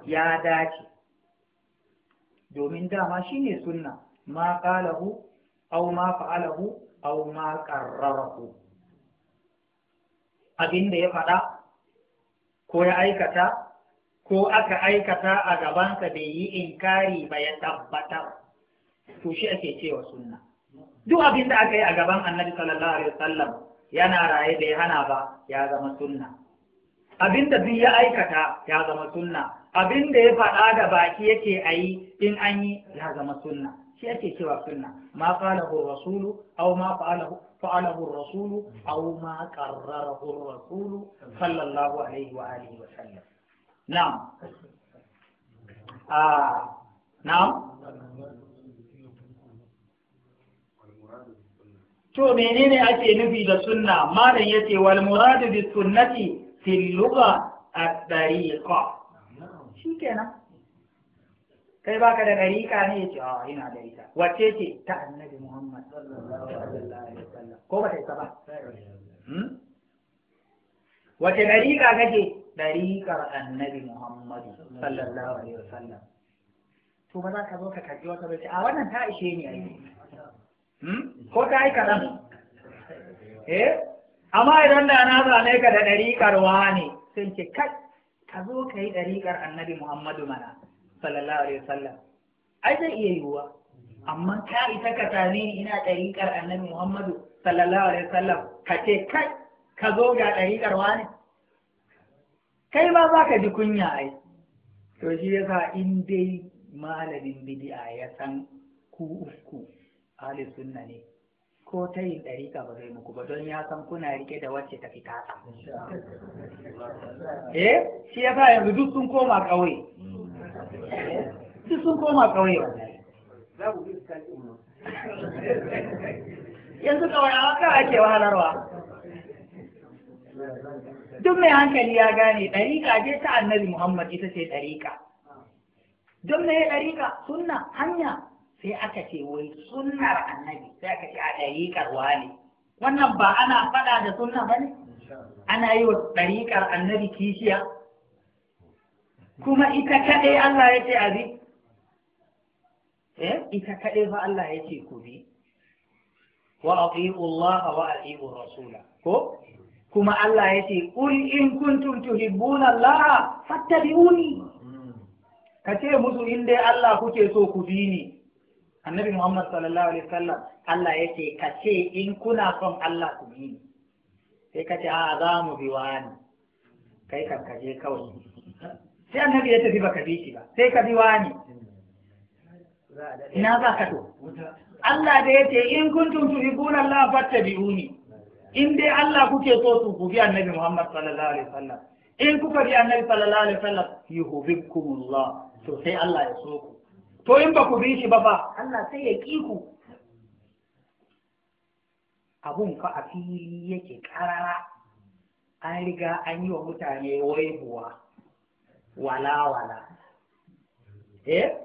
Speaker 1: ya dace domin dama shine sunna ma ƙalahu au ma fa'alahu au ma abin da ya faɗa ko ya aikata ko aka aikata a gabansa bai yi inkari ba ya tabbatar to shi ake cewa sunna duk abin da aka yi a gaban annabi sallallahu alaihi wasallam yana raye bai hana ba ya zama sunna abin da duk ya aikata ya zama sunna abin da ya faɗa da baki yake a yi in an yi ya zama sunna shi ake cewa sunna ma falahu rasulu aw ma falahu fa'alahu rasulu aw ma qarrarahu rasulu sallallahu alaihi wa alihi wa sallam نعم آه. نعم to menene ake nufi da sunna malam yace wal muradu bis sunnati fil lugha at-tariqa shikenan kai baka da dariƙa ne yace a ina da ita wacce ce ta annabi Muhammad sallallahu alaihi wasallam ko ba ta ba wace dariƙa kake ɗariƙar annabi Muhammadu sallallahu alaihi wasallam to ba za ka zo ka kaji wata bai a wannan ta ishe ni a hmm? ko ta yi kaɗan eh amma idan da na zane ka da ɗariƙar ne sun ce kai ka zo ka yi ɗariƙar annabi Muhammadu mana sallallahu alaihi wasallam ai zai iya yiwuwa amma ka isa ka same ni ina ɗariƙar annabi Muhammadu sallallahu alaihi wasallam ka ce kai ka zo ga ɗariƙar wani kai ma za ka ji kunya ai to shi yasa in dai malamin bidi'a ya san ku uku ahli sunna ne ko ta yin dariƙa ba zai muku ba don ya san kuna rike da wacce ta fita ta eh shi yasa yanzu duk sun koma ƙauye duk sun koma ƙauye yanzu kawai a ake wahalarwa duk mai hankali ya gane ɗariƙa je ta annabi Muhammad ita ce ɗariƙa. Duk mai ɗariƙa sunna hanya sai aka ce wai sunnar annabi sai aka ce a ɗariƙar wane. Wannan ba ana faɗa da sunna ba ne? Ana yi wa ɗariƙar annabi kishiya. Kuma ita kaɗai Allah ya ce a bi. Eh, ita kaɗai fa Allah ya ce ku bi. Wa Allah wa ati'u rasula. Ko? kuma Allah ya ce qul in kuntum tuhibbuna Allah fattabi'uni ka ce musu in dai Allah kuke so ku bi ni annabi Muhammad sallallahu alaihi wasallam Allah ya ce ka ce in kuna son Allah ku bi ni sai ka ce a za mu bi wani kai kan ka je kawai sai annabi ya tafi baka bi shi ba sai ka bi wani ina za ka to Allah da ya ce in kuntum tuhibbuna Allah fattabi'uni in dai Allah kuke so su ku bi annabi Muhammad sallallahu alaihi wasallam in kuka bi annabi sallallahu alaihi wasallam yuhibbukumullah to sai Allah ya so ku to in ba ku bi shi ba ba Allah sai ya ki ku abun fa a fili yake karara an riga an yi wa mutane waihuwa wala wala eh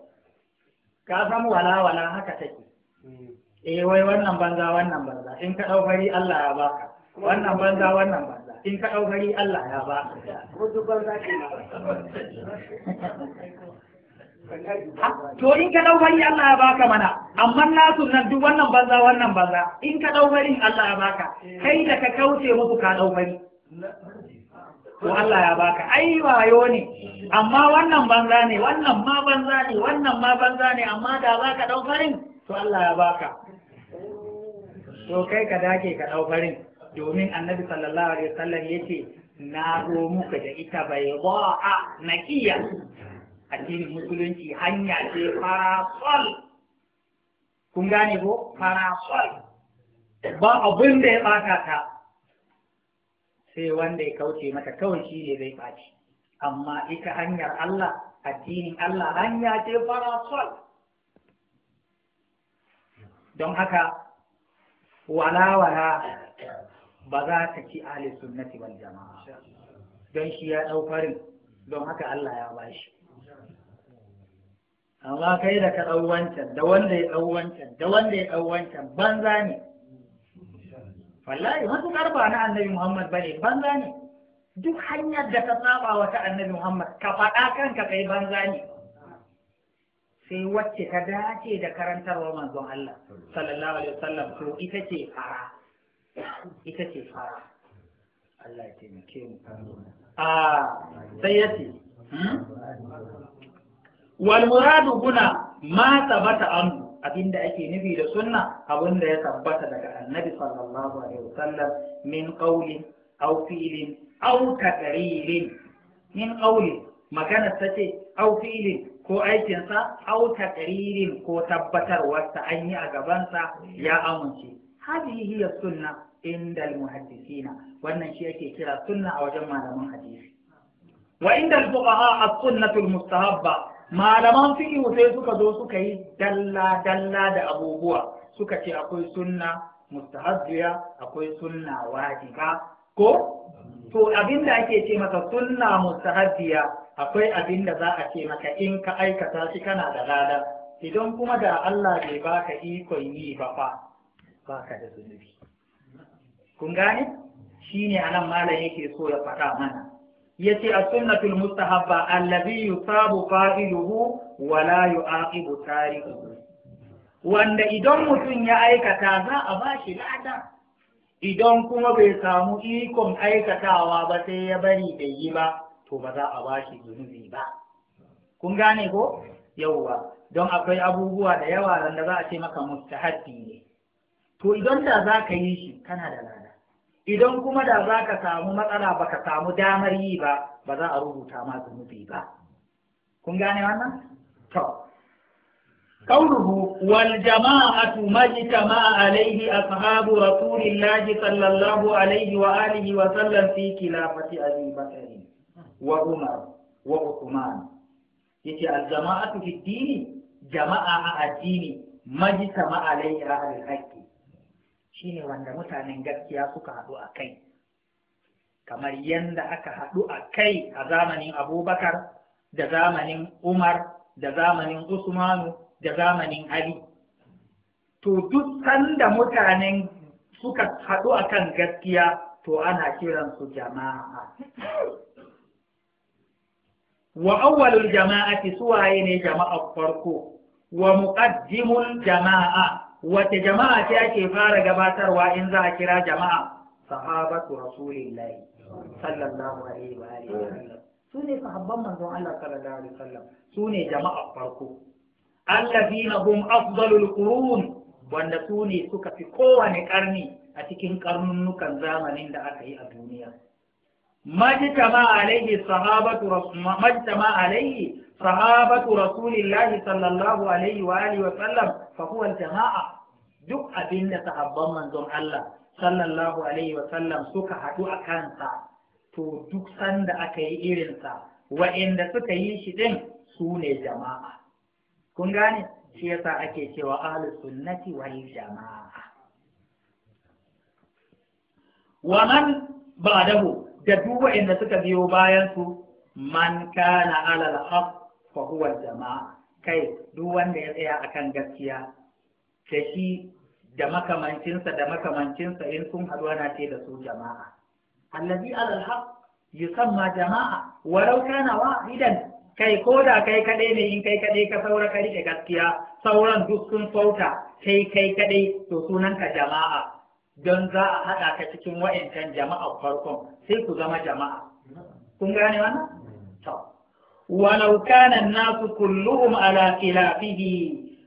Speaker 1: ka san wala wala haka take hmm. eh wai wannan banza wannan banza in ka ɗau Allah ya baka wannan banza wannan banza in ka ɗau Allah ya baka to in ka ɗau Allah ya baka mana amma nasu nan duk wannan banza wannan banza in ka ɗau Allah ya baka kai da ka kauce musu ka ɗau
Speaker 2: to Allah ya baka
Speaker 1: ai wayo ne amma wannan banza ne wannan ma banza ne wannan ma banza ne amma da za ka ɗau to Allah ya baka to kai ka dake ka dau farin domin annabi sallallahu alaihi wasallam yace na zo muka da ita bai ba'a nakiya addinin musulunci hanya ce farasol kun gane ko farasol ba abin da ya baka ta sai wanda ya kauce mata kawai shi ne zai ɓaci amma ita hanyar Allah addinin Allah hanya ce farasol don haka walawala ba za ta ci ahli sunnati wal jama'a don shi ya ɗau farin don haka Allah ya bashi amma kai da ka ɗau wancan da wanda ya ɗau wancan da wanda ya ɗau wancan banza ne wallahi matuƙar ba na annabi Muhammad bane banza ne duk hanyar da ka saba wa ta annabi Muhammad ka faɗa kanka kai banza ne sai wacce ta dace da karantarwar manzon Allah sallallahu alaihi wasallam to ita ce fara ita ce fara Allah ya taimake mu a sai ce hmm? wal muradu guna ma tabata anhu abinda ake nufi da sunna abinda ya tabbata daga annabi sallallahu alaihi wasallam min qawlin aw fi'lin aw min qawli magana tace aw fi'lin ko aikinsa au taqririn ko tabbatarwarsa an yi a gabansa ya amince hadihi hiya sunna inda almuhaddisina wannan shi yake kira sunna a wajen malaman hadisi wa inda alfuqaha as-sunnatu almustahabba malaman fiqh sai suka zo suka yi dalla dalla da abubuwa suka ce akwai sunna mustahabbiya akwai sunna wajiba ko to abin da ake ce maka sunna mustahabbiya akwai abin da za a ce maka in ka aikata shi kana da lada idan kuma da Allah bai baka ikon yi ba fa baka da zunubi kun gane shine anan malam yake so ya faɗa mana yace as-sunnatul mustahabba allazi yusabu fa'iluhu wa la yu'aqibu tariquhu wanda idan mutum ya aikata za a bashi lada idan kuma bai samu ikon aikatawa ba sai ya bari bai yi ba to ba za a bashi zunubi ba kun gane ko yauwa don akwai abubuwa da yawa da za a ce maka mustahabbi ne to idan da za ka yi shi kana da lada idan kuma da za ka samu matsala ba ka samu damar yi ba ba za a rubuta ma zunubi ba kun gane wannan to قوله والجماعة ما اجتمع عليه أصحاب رسول الله صلى الله عليه وآله وسلم في خلافة أبي بكر وعمر وعثمان يتي الجماعة في الدين جماعة الدين ما اجتمع عليه أهل الحق shine wanda mutanen gaskiya suka haɗu a kai kamar yadda aka haɗu a kai a zamanin abubakar da zamanin umar da zamanin usmanu da zamanin Ali. To duk sanda mutanen suka haɗu akan gaskiya to ana kiransu jama'a. Wa awwalul jama'ati suwaye ne jama'a farko, wa muqaddimul jama'a, wace jama'a ce ake fara gabatarwa in za a kira jama'a? Sahabatu Rasulillahi sallallahu alaihi wa alihi wa sallam. Su ne sahabban manzon Allah sallallahu alaihi wa sallam, su ne jama'ar farko. allazina hum afdalul kurun, wanda su ne suka fi kowane karni a cikin karnunukan zamanin da aka yi a duniya majtama alaihi sahabatu majtama alaihi sallallahu alaihi wa sallam fa jamaa duk abinda sahabban manzon Allah sallallahu alaihi wa sallam suka haɗu a kansa to duk sanda aka yi irinsa wa'inda suka yi shi ɗin su ne jama'a kun gane shi yasa ake cewa ahlus sunnati wal jama'a wa man ba'dahu da duk waɗanda suka biyo bayan su man kana al haq fa huwa jama'a kai duk wanda ya tsaya akan gaskiya da shi da makamancinsa da makamancinsa in sun haɗu ana ce da su jama'a allazi al haq yusamma jama'a law kana wahidan kai ko da kai kaɗai ne in kai kaɗai ka saura ka riƙe gaskiya sauran duk sun sauta kai kai kaɗai to sunanka jama'a don za a haɗa ka cikin wa'incan jama'a farkon sai ku zama jama'a kun gane wannan to walau kana nasu kulluhum ala khilafihi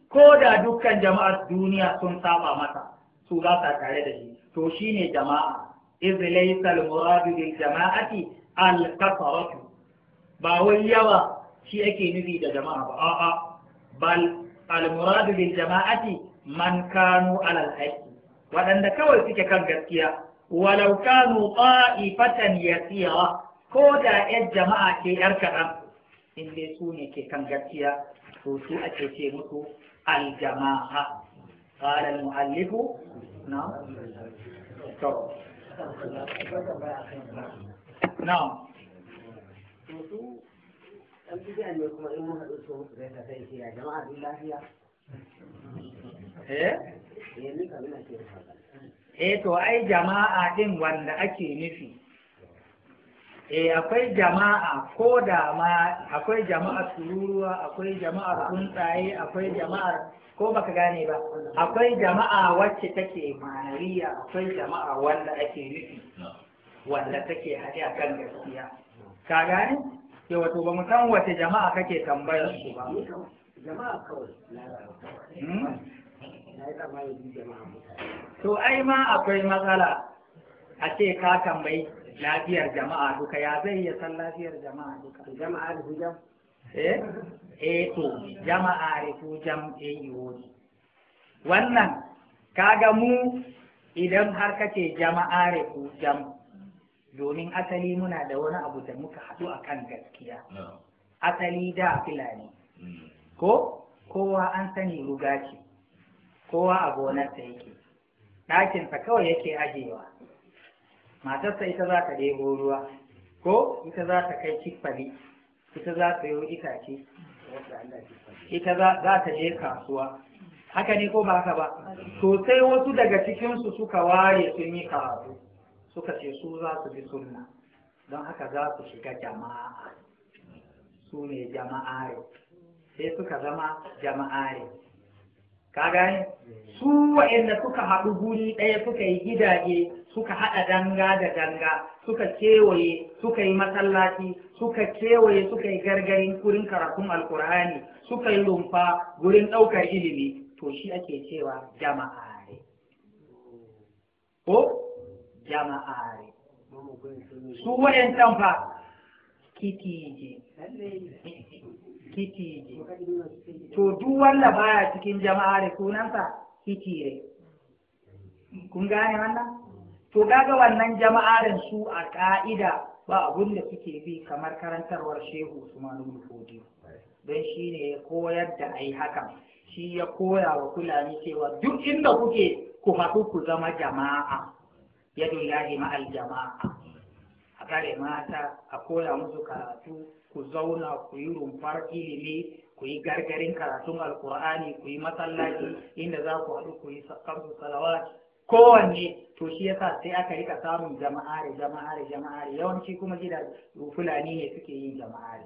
Speaker 1: ko da dukkan jama'ar duniya sun saba masa su za su tare da shi to shine jama'a iz laysa al muradu bil jama'ati al kasratu ba wai yawa shi ake nufi da jama'a ba a'a bal al-muradu lil jama'ati man kanu alal haqqi waɗanda kawai suke kan gaskiya walau kanu ta'ifatan yasira ko da yan jama'a ke yar kaɗan in dai su ne ke kan gaskiya to su ake ce musu al-jama'a قال المؤلف نعم نعم dan eh? Eh, eh to ai jama'a din wanda ake nufi eh akwai jama'a ko da ma akwai jama'a tururuwa akwai jama'a tsuntsaye akwai jama'ar ko baka gane ba akwai jama'a wacce take manariya akwai jama'a wanda ake nufi wanda take haɗe a kan gaskiya ka gane ke wato ba mu san wace jama'a kake tambayar su ba jama'a kawai hmm? to ai ma akwai matsala a ce ka tambayi lafiyar jama'a duka ya zai iya san lafiyar jama'a duka jama'a da hujam eh eh to jama'a da hujam eh yiwo wannan kaga mu idan har kake jama'a da jam? domin asali muna da wani abu da muka haɗu a kan gaskiya asali da filani mm. ko kowa an sani ruga ce kowa a gonarsa yake ɗakinsa kawai yake ajewa matarsa ita za ta ɗebo ruwa ko ita za ta kai cikfali, ita za ta yi itace ita za ta je kasuwa haka ne ko ba ka ba sosai mm. wasu daga cikinsu suka ware sun yi karatu suka ce su za su bi sunna don haka za su shiga jama'a su ne jama'are sai suka zama jama'are ka gane su wa'anda suka haɗu guri ɗaya suka yi gidaje suka haɗa danga da danga suka kewaye suka yi masallaci suka kewaye suka yi gargari wurin karatun alkur'ani suka yi lumfa gurin ɗaukar ilimi to shi ake cewa jama'are ko jama'are su waɗancan fa kitije kitije to duk wanda baya cikin jama'are sunansa kitire kun gane wannan to gaga wannan jama'arin su a ka'ida ba abun da suke bi kamar karantarwar shehu Usman ibn Fodiyo don shi ne ya koyar da ai hakan shi ya koya wa Fulani cewa duk inda kuke ku haɗu ku zama jama'a yadullahi ma'al jama'a a kare mata a koya musu karatu ku zauna ku yi rumfar ilimi ku yi gargarin karatun alkur'ani ku yi masallaci inda za ku haɗu ku yi kansu salawat kowanne to shi yasa sai aka rika samun jama'are jama'are jama'are yawanci kuma gida fulani ne suke yin jama'are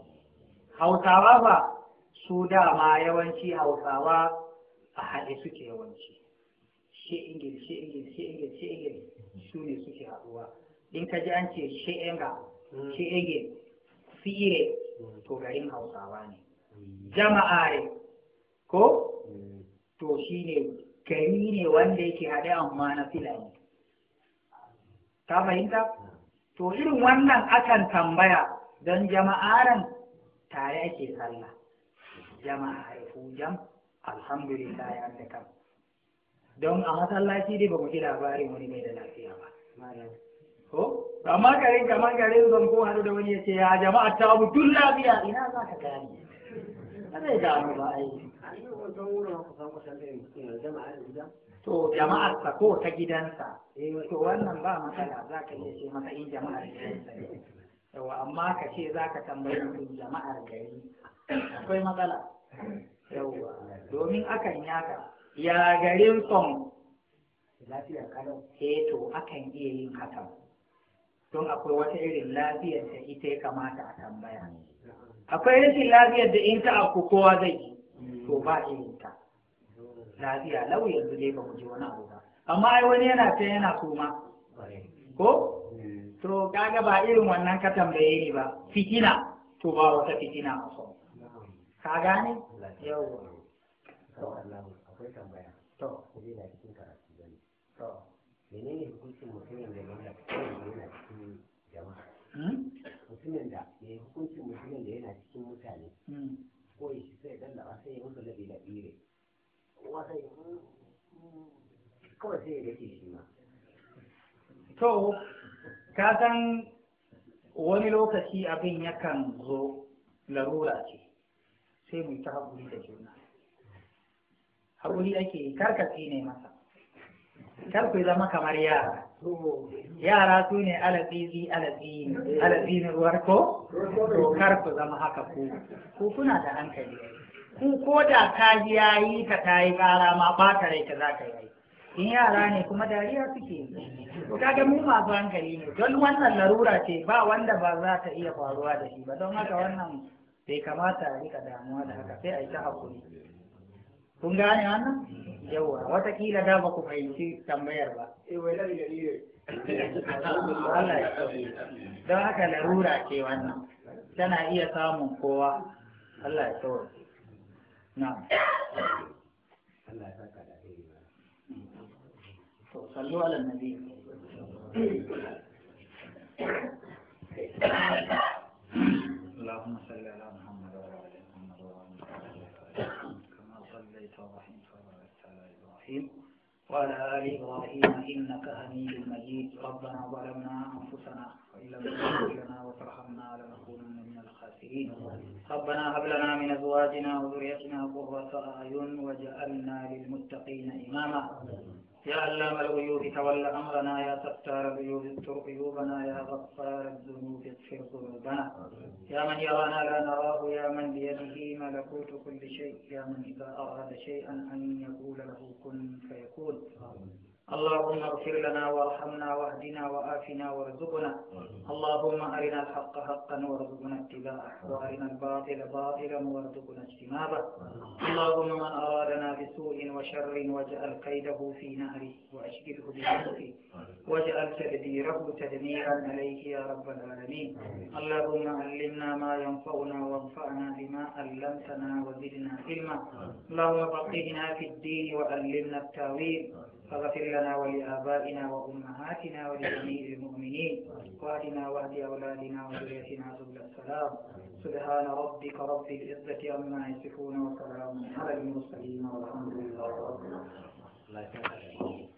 Speaker 1: hausawa ba su dama yawanci hausawa a haɗe suke yawanci shi ingil shi ingil shi ingil shi ingil su ne suke haɗuwa in ka ji an ce she'enga hmm. she'ege fiye hmm. to garin hausawa ne hmm. jama'are ko to shi ne gari ne wanda yake haɗe amma na filani ka fahimta to irin wannan akan tambaya don jama'aran tare ake sallah jama'a jam alhamdulillah ya kam don a masallaci dai ba mu ji labarin wani mai da lafiya ba ko amma garin kamar garin zan ko hadu da wani ya ce ya jama'a ta abu dun lafiya ina za ka gani? ba zai gano ba ai to jama'a sa ko ta gidansa to wannan ba matsala za ka iya ce masa in eh, jama'ar gidansa yawa amma ka ce za ka tambayi mutum jama'ar gari akwai matsala yawa domin akan yaka ya garin son lafiya kadan? eh to akan iya yin hakan don akwai wata irin lafiyar da ita ya kamata a tambaya akwai rashin lafiyar da in ta aku kowa zai yi to ba irin ta lafiya lau yanzu dai ba mu ji wani abu ba amma ai wani yana ta yana kuma ko to kaga ba irin wannan ka tambaye ni ba fitina to ba wata fitina a so ka gane yawwa akwai tambaya to ku je na cikin karatu ba ne to menene hukuncin mutumin da yana yana cikin jama'a hmm? mutumin da ya hukuncin mutumin da yana cikin mutane hmm. ko ya shi sai dalla sai ya musu labi da bire wata kawai sai ya rike shi ma to ka san wani lokaci abin yakan zo larura ce sai mu ta haƙuri da juna haƙuri ake karka karkatsi ne masa kar zama kamar yara yara su ne alazizi alazini alazini ruwar ko to kar zama haka ku ku kuna da hankali ku ko da ka ji yayi ka tayi ƙara ma ba ta rai ka za ka yi in yara ne kuma dariya suke yi to kaga mu masu hankali ne don wannan larura ce ba wanda ba za ta iya faruwa da shi ba don haka wannan bai kamata a rika damuwa da haka sai a yi ta hakuri kun gane wannan yawa watakila da ba ku fahimci tambayar ba eh, don haka larura ce wannan tana iya samun kowa Allah ya tsoro na Allah ya saka da to sallu ala nabi اللهم صل على الرحيم وعلى آل إبراهيم إنك حميد مجيد ربنا ظلمنا أنفسنا وإن لم تغفر لنا وترحمنا لنكونن من الخاسرين ربنا هب لنا من أزواجنا وذريتنا قرة أعين واجعلنا للمتقين إماما يا علام الغيوب تول أمرنا يا ستار الغيوب استر قيوبنا يا غفار الذنوب اغفر ذنوبنا يا من يرانا لا نراه يا من بيده ملكوت كل شيء يا من إذا أراد شيئا أن يقول له كن فيكون اللهم اغفر لنا وارحمنا واهدنا وآفنا وارزقنا اللهم أرنا الحق حقا وارزقنا اتباعه وأرنا الباطل باطلا وارزقنا اجتنابه اللهم من أرادنا بسوء وشر واجعل قيده في نهره وأشكله بنفسه واجعل تدبيره تدميرا عليه يا رب العالمين اللهم علمنا ما ينفعنا وانفعنا بما علمتنا وزدنا علما اللهم فقهنا في الدين وعلمنا التاويل فاغفر لنا ولآبائنا وأمهاتنا ولجميع المؤمنين وأهلنا وأهل أولادنا وذريتنا سبل السلام سبحان ربك رب العزة عما يصفون وسلام على المرسلين والحمد لله رب العالمين